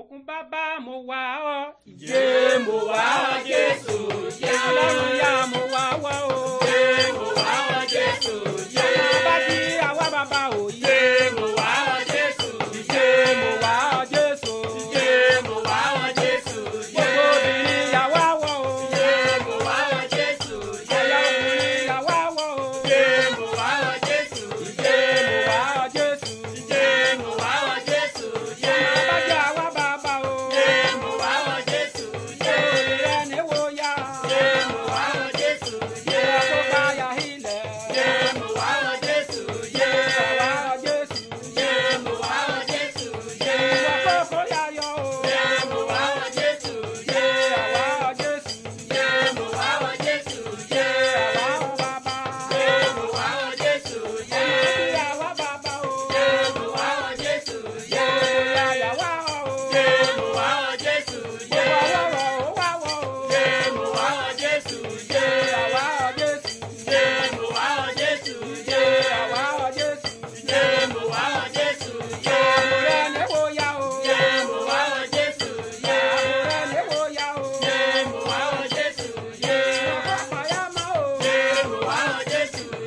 òkun bàbá mo wá ọ. ìjẹ́ mo wá ọ Jésù.